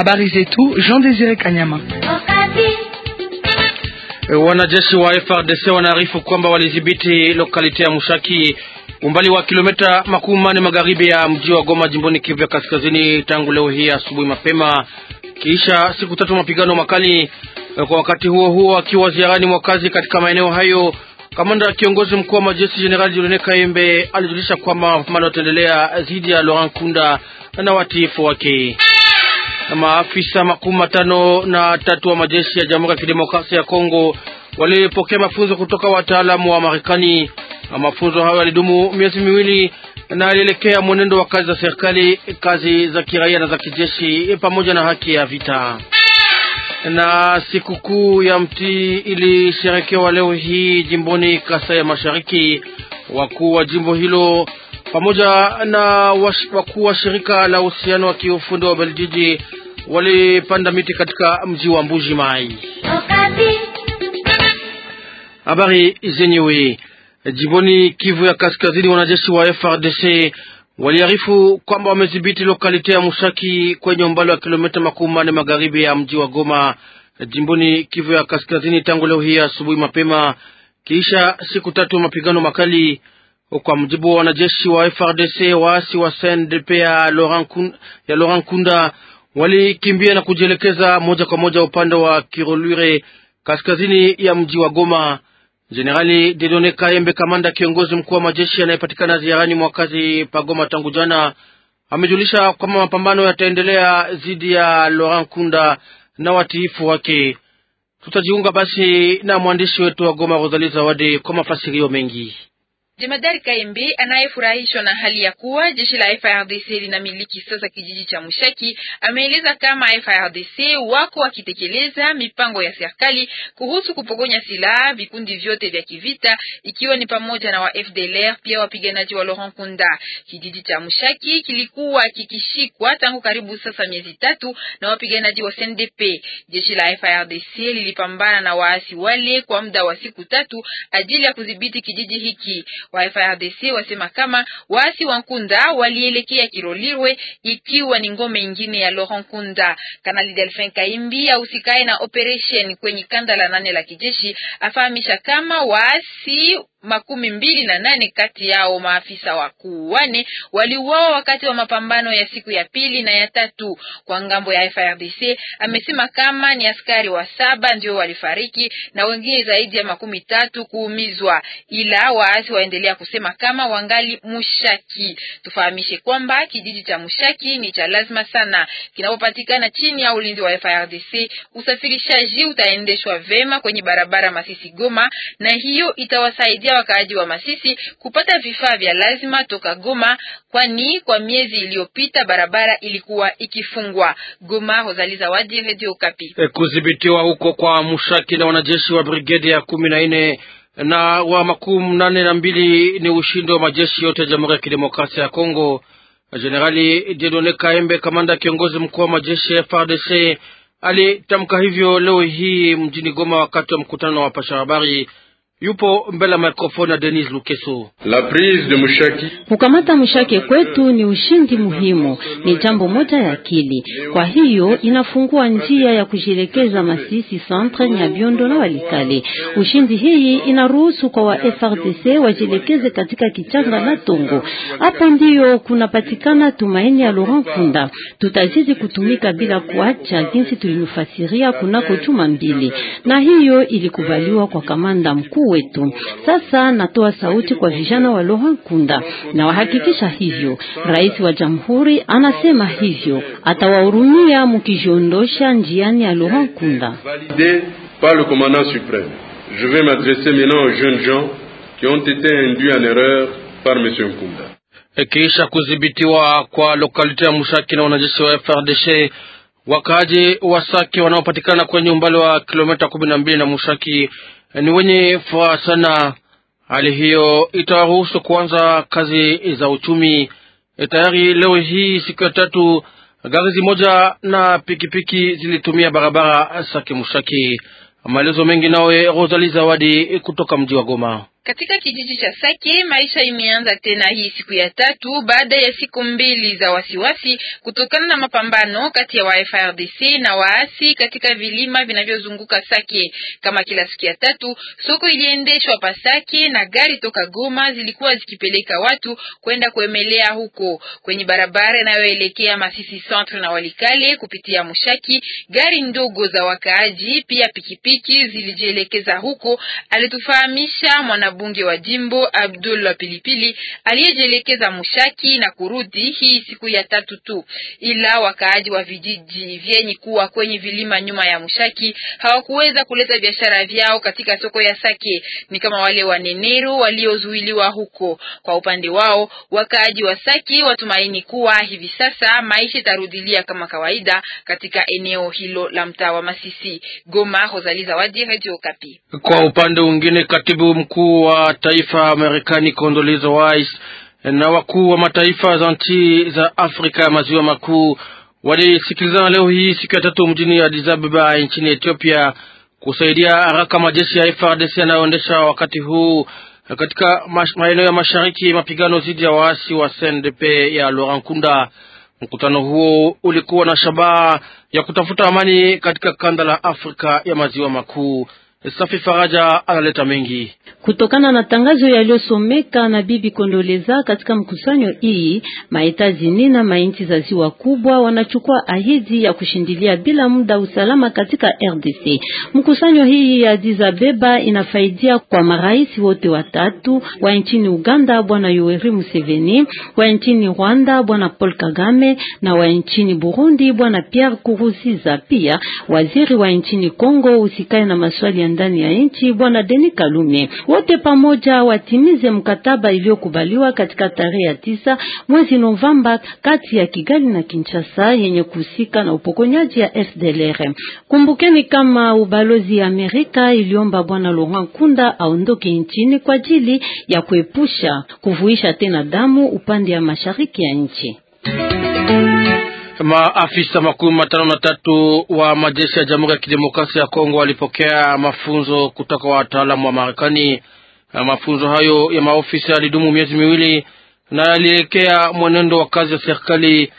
Habari zetu Jean Désiré Kanyama. E, wanajeshi wa FRDC wanaarifu kwamba walidhibiti lokalite ya Mushaki umbali wa kilomita makumi magharibi ya mji wa Goma jimboni Kivu ya kaskazini tangu leo hii asubuhi mapema, kisha siku tatu mapigano makali. E, kwa wakati huo huo, akiwa ziarani mwa kazi katika maeneo hayo, kamanda ya kiongozi mkuu wa majeshi Jenerali Dieudonne kaembe alijulisha kwamba mapambano yataendelea dhidi ya Laurent Kunda na watiifu wake maafisa makumi matano na tatu wa majeshi ya Jamhuri ya Kidemokrasia ya Kongo walipokea mafunzo kutoka wataalamu wa Marekani. Mafunzo hayo yalidumu miezi miwili na yalielekea mwenendo wa kazi za serikali, kazi za kiraia na za kijeshi, pamoja na haki ya vita. Na sikukuu ya mti ilisherekewa leo hii jimboni Kasai ya Mashariki. Wakuu wa jimbo hilo pamoja na wakuu wa shirika la uhusiano wa kiufundi wa Beljiji walipanda miti katika mji wa Mbuji Mai. Habari zenyewe jimboni Kivu ya Kaskazini, wanajeshi wa FRDC waliarifu kwamba wamedhibiti lokalite ya Mushaki kwenye umbali wa kilomita makumi manne magharibi ya mji wa Goma, jimboni Kivu ya Kaskazini, tangu leo hii asubuhi mapema, kisha siku tatu mapigano makali. Kwa mujibu wa wanajeshi wa FRDC, waasi wa sndp ya Laurent Kunda walikimbia na kujielekeza moja kwa moja upande wa Kirolure kaskazini ya mji wa Goma. Jenerali Dedone Kayembe, kamanda kiongozi mkuu wa majeshi anayepatikana ziarani mwakazi pagoma tangu jana, amejulisha kwamba mapambano yataendelea dhidi ya Laurent Kunda na watiifu wake. Tutajiunga basi na mwandishi wetu wa Goma, rosali Zawadi, kwa mafasirio mengi. Jemadari Kaembe anayefurahishwa na hali ya kuwa jeshi la FRDC linamiliki sasa kijiji cha Mushaki ameeleza kama FRDC wako wakitekeleza mipango ya serikali kuhusu kupokonya silaha vikundi vyote vya kivita ikiwa ni pamoja na wa FDLR pia wapiganaji wa Laurent Kunda. Kijiji cha Mushaki kilikuwa kikishikwa tangu karibu sasa miezi tatu na wapiganaji wa CNDP. Jeshi la frdc lilipambana na waasi wale kwa muda wa siku tatu ajili ya kudhibiti kijiji hiki wa FRDC wasema kama waasi wa Nkunda walielekea Kirolirwe, ikiwa ni ngome ingine ya Laurent Nkunda. Kanali Delphin Kaimbi ausikae na operation kwenye kanda la nane la kijeshi afahamisha kama waasi makumi mbili na nane kati yao maafisa wakuu wane waliuawa wakati wa mapambano ya siku ya pili na ya tatu. Kwa ngambo ya FRDC amesema kama ni askari wa saba ndio walifariki na wengine zaidi ya makumi tatu kuumizwa, ila waasi waendelea kusema kama wangali Mushaki. Tufahamishe kwamba kijiji cha Mushaki ni cha lazima sana, kinapopatikana chini ya ulinzi wa FRDC. Usafirishaji utaendeshwa vema kwenye barabara Masisi Goma, na hiyo itawasaidia kusaidia wakaaji wa Masisi kupata vifaa vya lazima toka Goma, kwani kwa miezi iliyopita barabara ilikuwa ikifungwa. Goma, Rosali Zawadi, Radio Okapi. E, kudhibitiwa huko kwa Mushaki na wanajeshi wa brigedi ya kumi na nne na wa makumi nane na mbili ni ushindi wa majeshi yote ya Jamhuri ya Kidemokrasia ya Kongo. Jenerali Dieudonne Kaembe, kamanda kiongozi mkuu wa majeshi ya FARDC, alitamka hivyo leo hii mjini Goma wakati wa mkutano wa pasha habari yupo mbele ya mikrofoni ya Denis Lukeso. La prise de Mushaki, kukamata Mushaki kwetu ni ushindi muhimu, ni jambo moja ya akili. Kwa hiyo inafungua njia ya kujielekeza Masisi centre, biondo na Walikale. Ushindi hii inaruhusu kwa wa FRDC wajielekeze katika kichanga na Tongo. hapo ndio kunapatikana tumaini ya Laurent Kunda. Tutazidi kutumika bila kuacha, jinsi tulinufasiria kunako chuma mbili, na hiyo ilikubaliwa kwa kamanda mkuu wetu. Sasa natoa sauti kwa vijana wa Laurent Nkunda na wahakikisha hivyo. Rais wa Jamhuri anasema hivyo, atawahurumia mkijiondosha njiani ya Laurent Nkunda. Je vais m'adresser maintenant aux jeunes gens qui ont été induits en erreur par monsieur Nkunda. Kisha kudhibitiwa kwa lokalite ya Mushaki na wanajeshi wa FRDC Wakaaji wa saki wanaopatikana kwenye umbali wa kilomita kumi na mbili na Mushaki eh, ni wenye furaha sana. Hali hiyo itawaruhusu kuanza kazi za uchumi. Eh, tayari leo hii siku ya tatu, gari moja na pikipiki zilitumia barabara Sake Mushaki. Maelezo mengi nawe Rosali Zawadi kutoka mji wa Goma. Katika kijiji cha Sake maisha imeanza tena hii siku ya tatu baada ya siku mbili za wasiwasi kutokana na mapambano kati ya WaFRDC na waasi katika vilima vinavyozunguka Sake. Kama kila siku ya tatu, soko iliendeshwa pa Sake na gari toka Goma zilikuwa zikipeleka watu kwenda kuemelea huko kwenye barabara inayoelekea Masisi Centre na Walikale kupitia Mushaki. Gari ndogo za wakaaji pia pikipiki zilijielekeza huko, alitufahamisha mwana mbunge wa jimbo abdul Pilipili aliyejielekeza Mushaki na kurudi hii siku ya tatu tu, ila wakaaji wa vijiji vyenye kuwa kwenye vilima nyuma ya Mushaki hawakuweza kuleta biashara vyao katika soko ya Sake, ni kama wale waneneru waliozuiliwa huko. Kwa upande wao wakaaji wa Sake watumaini kuwa hivi sasa maisha itarudilia kama kawaida katika eneo hilo la mtaa wa Masisi. Goma, Rosalie Zawadi, Radio Okapi. Kwa upande mwingine, katibu mkuu mkuu wa taifa Marekani Condoleezza Rice na wakuu wa mataifa za nchi za Afrika ya maziwa makuu walisikilizana leo hii siku ya tatu mjini Addis Ababa nchini Ethiopia kusaidia haraka majeshi ya frdc yanayoendesha wakati huu katika maeneo ya mashariki mapigano dhidi ya waasi wa CNDP ya Laurent Nkunda. Mkutano huo ulikuwa na shabaha ya kutafuta amani katika kanda la Afrika ya maziwa makuu. Safi Faraja analeta mengi kutokana na tangazo yaliyosomeka na Bibi Kondoleza katika mkusanyo hii. Maetazini na mainchi za ziwa kubwa wanachukua ahidi ya kushindilia bila muda usalama katika RDC. Mkusanyo hii ya Addis Ababa inafaidia kwa marais wote watatu wa nchini Uganda, Bwana Yoweri Museveni, wa nchini Rwanda, Bwana Paul Kagame, na wa nchini Burundi, Bwana Pierre kuruziza Pia waziri wa nchini Kongo usikae na maswali ya ndani ya nchi Bwana Deni Kalume, wote pamoja watimize mkataba iliyokubaliwa katika tarehe ya tisa mwezi Novemba kati ya Kigali na Kinshasa yenye kuhusika na upokonyaji ya FDLR. Kumbukeni kama ubalozi ya Amerika iliomba Bwana Laurent Kunda aondoke nchini kwa ajili ya kuepusha kuvuisha tena damu upande ya mashariki ya nchi. Maafisa makumi matano na tatu wa majeshi ya Jamhuri ya Kidemokrasia ya Kongo walipokea mafunzo kutoka wataalamu wa Marekani. Mafunzo hayo ya maofisa yalidumu miezi miwili na yalielekea mwenendo wa kazi ya serikali,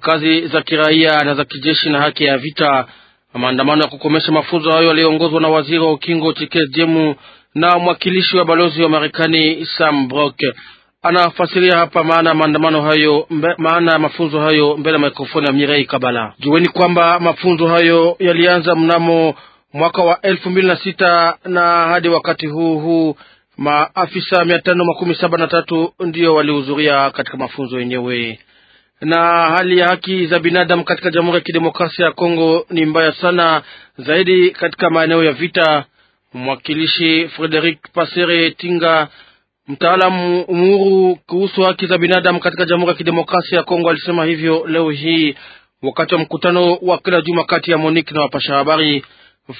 kazi za kiraia na za kijeshi na haki ya vita. Maandamano ya kukomesha mafunzo hayo yaliyoongozwa na waziri wa ukingo Chikez Jemu na mwakilishi wa balozi wa Marekani Sam Brock anafasiria hapa maana maandamano hayo, maana ya mafunzo hayo mbele ya mikrofoni ya Mirei Kabala. Jueni kwamba mafunzo hayo yalianza mnamo mwaka wa elfu mbili na sita na hadi wakati huu huu maafisa mia tano makumi saba na tatu ndiyo walihudhuria katika mafunzo yenyewe. Na hali ya haki za binadamu katika Jamhuri ya Kidemokrasia ya Kongo ni mbaya sana, zaidi katika maeneo ya vita. Mwakilishi Frederic Pasere Tinga Mtaalamu muhuru kuhusu haki za binadamu katika Jamhuri ya Kidemokrasia ya Kongo alisema hivyo leo hii wakati wa mkutano wa kila juma kati ya Monique na wapasha habari.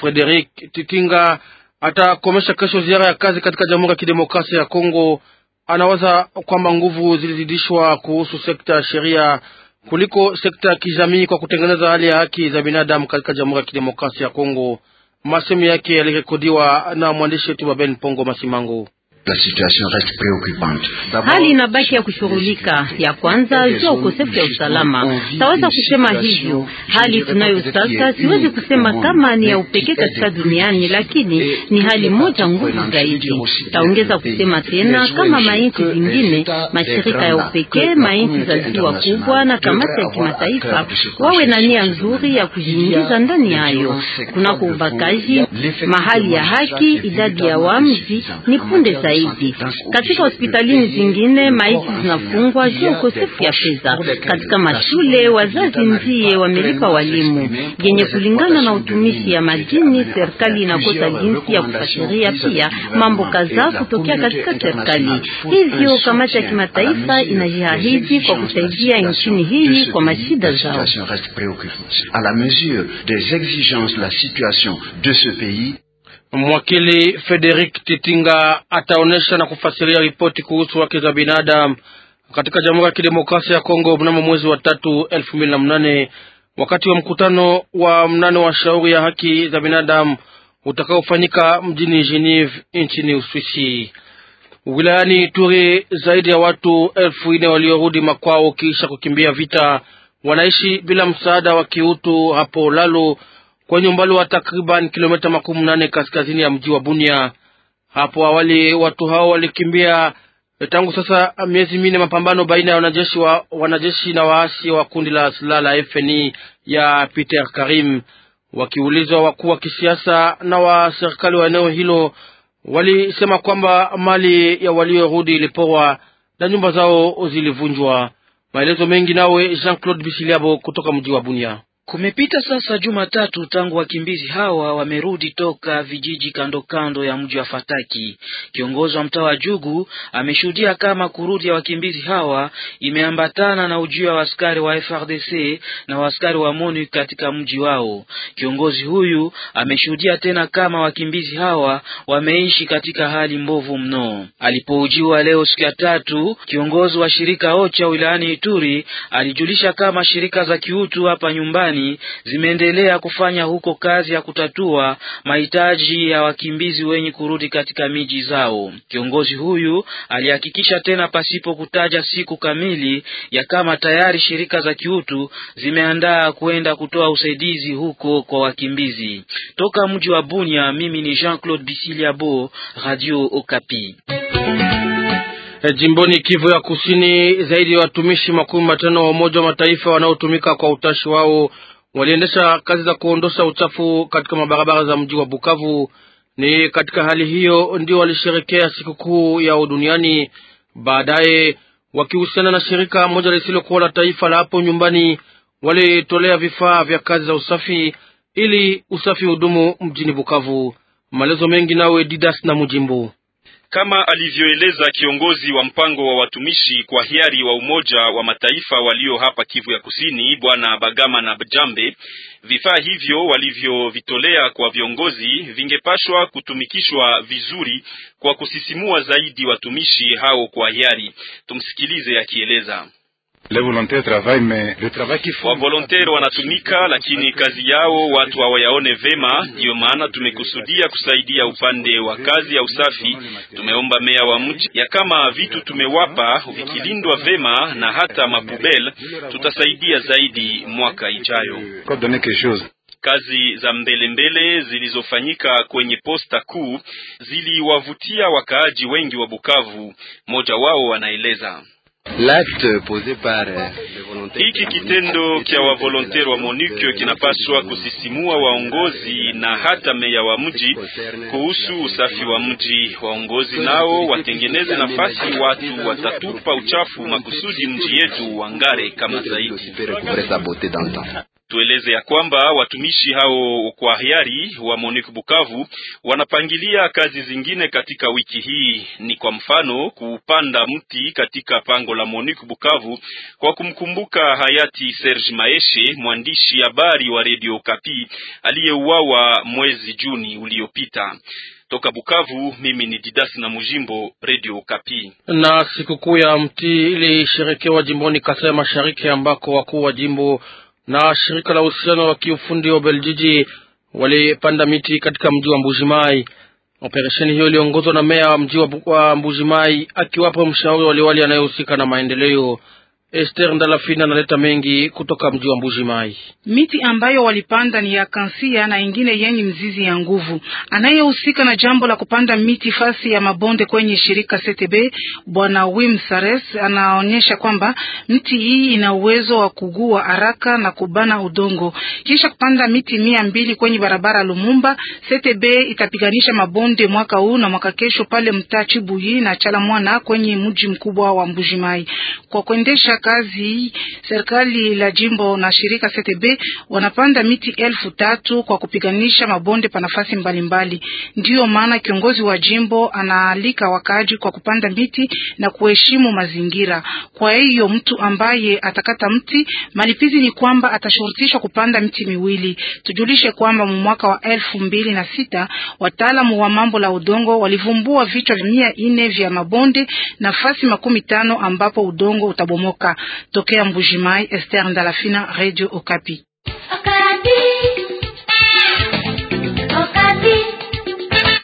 Frederic Titinga atakomesha kesho ziara ya kazi katika Jamhuri ya Kidemokrasia ya Kongo. Anawaza kwamba nguvu zilizidishwa kuhusu sekta ya sheria kuliko sekta ya kijamii kwa kutengeneza hali ya haki za binadamu katika Jamhuri ya Kidemokrasia ya Kongo. Masemu yake yalirekodiwa na mwandishi wetu wa Ben Pongo Masimango. Hali inabaki ya kushughulika. Ya kwanza jua ukosefu ya usalama, taweza kusema hivyo. Hali tunayo sasa, siwezi kusema kama ni ya upekee katika duniani, lakini ni hali moja nguvu zaidi. Taongeza kusema tena kama mainchi zingine, mashirika ya upekee, mainchi za ziwa kubwa na kamati ya kimataifa wawe na nia nzuri ya kujiingiza ndani yayo. Kunako ubakaji, mahali ya haki, idadi ya wamzi ni punde zaidi zaidi. Katika hospitali zingine maiti zinafungwa juu ukosefu ya fedha. Katika mashule wazazi ndiye wamelipa walimu yenye kulingana na utumishi ya madini. Serikali inakosa jinsi ya kufasiria pia mambo kadhaa kutokea katika serikali. Hivyo kamati ya kimataifa inajiahidi kwa kusaidia nchini hii kwa mashida zao. Mwakili Frederic Titinga ataonyesha na kufasiria ripoti kuhusu haki za binadamu katika Jamhuri ya Kidemokrasia ya Kongo mnamo mwezi wa tatu elfu mbili na mnane wakati wa mkutano wa mnane wa shauri ya haki za binadamu utakaofanyika mjini Geneve nchini Uswisi. Wilayani Ituri, zaidi ya watu elfu nne waliorudi makwao kisha kukimbia vita wanaishi bila msaada wa kiutu hapo Lalo kwenye umbali wa takriban kilomita makumi nane kaskazini ya mji wa Bunia. Hapo awali watu hao walikimbia tangu sasa miezi minne mapambano baina ya wanajeshi, wa, wanajeshi na waasi wa kundi la silaha la FNI ya Peter Karim. Wakiulizwa wakuu wa kisiasa na wa serikali wa eneo hilo walisema kwamba mali ya waliorudi iliporwa na nyumba zao zilivunjwa. Maelezo mengi nawe Jean Claude bisiliabo kutoka mji wa Bunia. Kumepita sasa juma tatu tangu wakimbizi hawa wamerudi toka vijiji kando kando ya mji wa Fataki. Kiongozi wa mtaa wa Jugu ameshuhudia kama kurudi ya wakimbizi hawa imeambatana na ujio wa askari wa FRDC na askari wa MONUC katika mji wao. Kiongozi huyu ameshuhudia tena kama wakimbizi hawa wameishi katika hali mbovu mno. Alipoujiwa leo siku ya tatu, kiongozi wa shirika OCHA wilayani Ituri alijulisha kama shirika za kiutu hapa nyumbani Marekani zimeendelea kufanya huko kazi ya kutatua mahitaji ya wakimbizi wenye kurudi katika miji zao. Kiongozi huyu alihakikisha tena pasipo kutaja siku kamili ya kama tayari shirika za kiutu zimeandaa kuenda kutoa usaidizi huko kwa wakimbizi. Toka mji wa Bunia, mimi ni Jean-Claude Bisiliabo, Radio Okapi. Eh, jimboni Kivu ya Kusini, zaidi ya watumishi makumi matano wa Umoja wa Mataifa wanaotumika kwa utashi wao waliendesha kazi za kuondosha uchafu katika mabarabara za mji wa Bukavu. Ni katika hali hiyo ndio walisherekea sikukuu yao duniani. Baadaye, wakihusiana na shirika moja lisilokuwa la taifa la hapo nyumbani, walitolea vifaa vya kazi za usafi ili usafi udumu mjini Bukavu. Maelezo mengi nawe Didas na Mujimbu. Kama alivyoeleza kiongozi wa mpango wa watumishi kwa hiari wa Umoja wa Mataifa walio hapa Kivu ya Kusini, Bwana Bagama na jambe vifaa hivyo walivyovitolea kwa viongozi vingepashwa kutumikishwa vizuri kwa kusisimua zaidi watumishi hao kwa hiari. Tumsikilize akieleza. Wavolontaire wanatumika, lakini kazi yao watu hawayaone vema. Ndiyo maana tumekusudia kusaidia upande wa kazi ya usafi. Tumeomba meya wa mji ya kama vitu tumewapa vikilindwa vema na hata mapubel, tutasaidia zaidi mwaka ijayo. Kazi za mbelembele zilizofanyika kwenye posta kuu ziliwavutia wakaaji wengi wa Bukavu. Mmoja wao anaeleza Euh, Hiki kitendo kya wavolontere wa MONUC euh, kinapaswa euh, kusisimua waongozi na hata meya wa mji kuhusu usafi wa mji. Waongozi nao watengeneze nafasi, watu watatupa uchafu makusudi mji yetu wangare kama zaidi. Tueleze ya kwamba watumishi hao kwa hiari wa Monique Bukavu wanapangilia kazi zingine katika wiki hii, ni kwa mfano kupanda mti katika pango la Monique Bukavu kwa kumkumbuka hayati Serge Maeshe, mwandishi habari wa Radio Kapi aliyeuawa mwezi Juni uliopita. Toka Bukavu, mimi ni Didas na Mujimbo, Radio Kapi. Na sikukuu ya mti ilisherekewa jimboni Kasai Mashariki ambako wakuu wa jimbo na shirika la uhusiano wa kiufundi wa Beljiji walipanda miti katika mji wa Mbujimai. Operesheni hiyo iliongozwa na meya wa mji wa Mbujimai akiwapo mshauri waliwali anayehusika na maendeleo. Esther Ndalafina analeta mengi kutoka mji wa Mbuji Mai. Miti ambayo walipanda ni ya kansia na ingine yenye mzizi ya nguvu. Anayehusika na jambo la kupanda miti fasi ya mabonde kwenye shirika CTB, Bwana Wim Sares anaonyesha kwamba miti hii ina uwezo wa kugua haraka na kubana udongo. Kisha kupanda miti mia mbili kwenye barabara Lumumba, CTB itapiganisha mabonde mwaka huu na mwaka kesho pale mtaa Chibuyi na Chalamwana kwenye mji mkubwa wa Mbuji Mai. Kwa kuendesha kazi, serikali la jimbo na shirika CTB wanapanda miti elfu tatu kwa kupiganisha mabonde pa nafasi mbalimbali. Ndiyo maana kiongozi wa jimbo anaalika wakaaji kwa kupanda miti na kuheshimu mazingira. Kwa hiyo mtu ambaye atakata mti, malipizi ni kwamba atashurutishwa kupanda miti miwili. Tujulishe kwamba mwaka wa elfu mbili na sita wataalamu wa mambo la udongo walivumbua vichwa mia nne vya mabonde nafasi makumi tano ambapo udongo utabomoka. kutoka tokea de la Ndalafina, Radio Okapi.